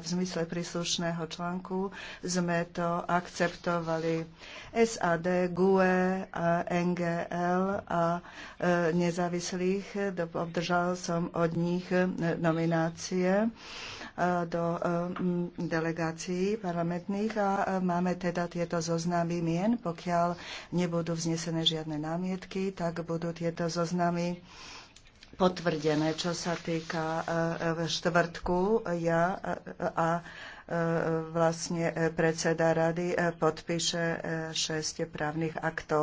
v zmysle príslušného článku sme to akceptovali. SAD, GUE, a NGL e, a e, nezávislých obdržal som od nich e, nominácie do delegácií parlamentných a máme teda tieto zoznamy mien. Pokiaľ nebudú vznesené žiadne námietky, tak budú tieto zoznamy potvrdené, čo sa týka e, e, štvrtku. Ja e, a vlastne predseda rady podpíše 6 právnych aktov.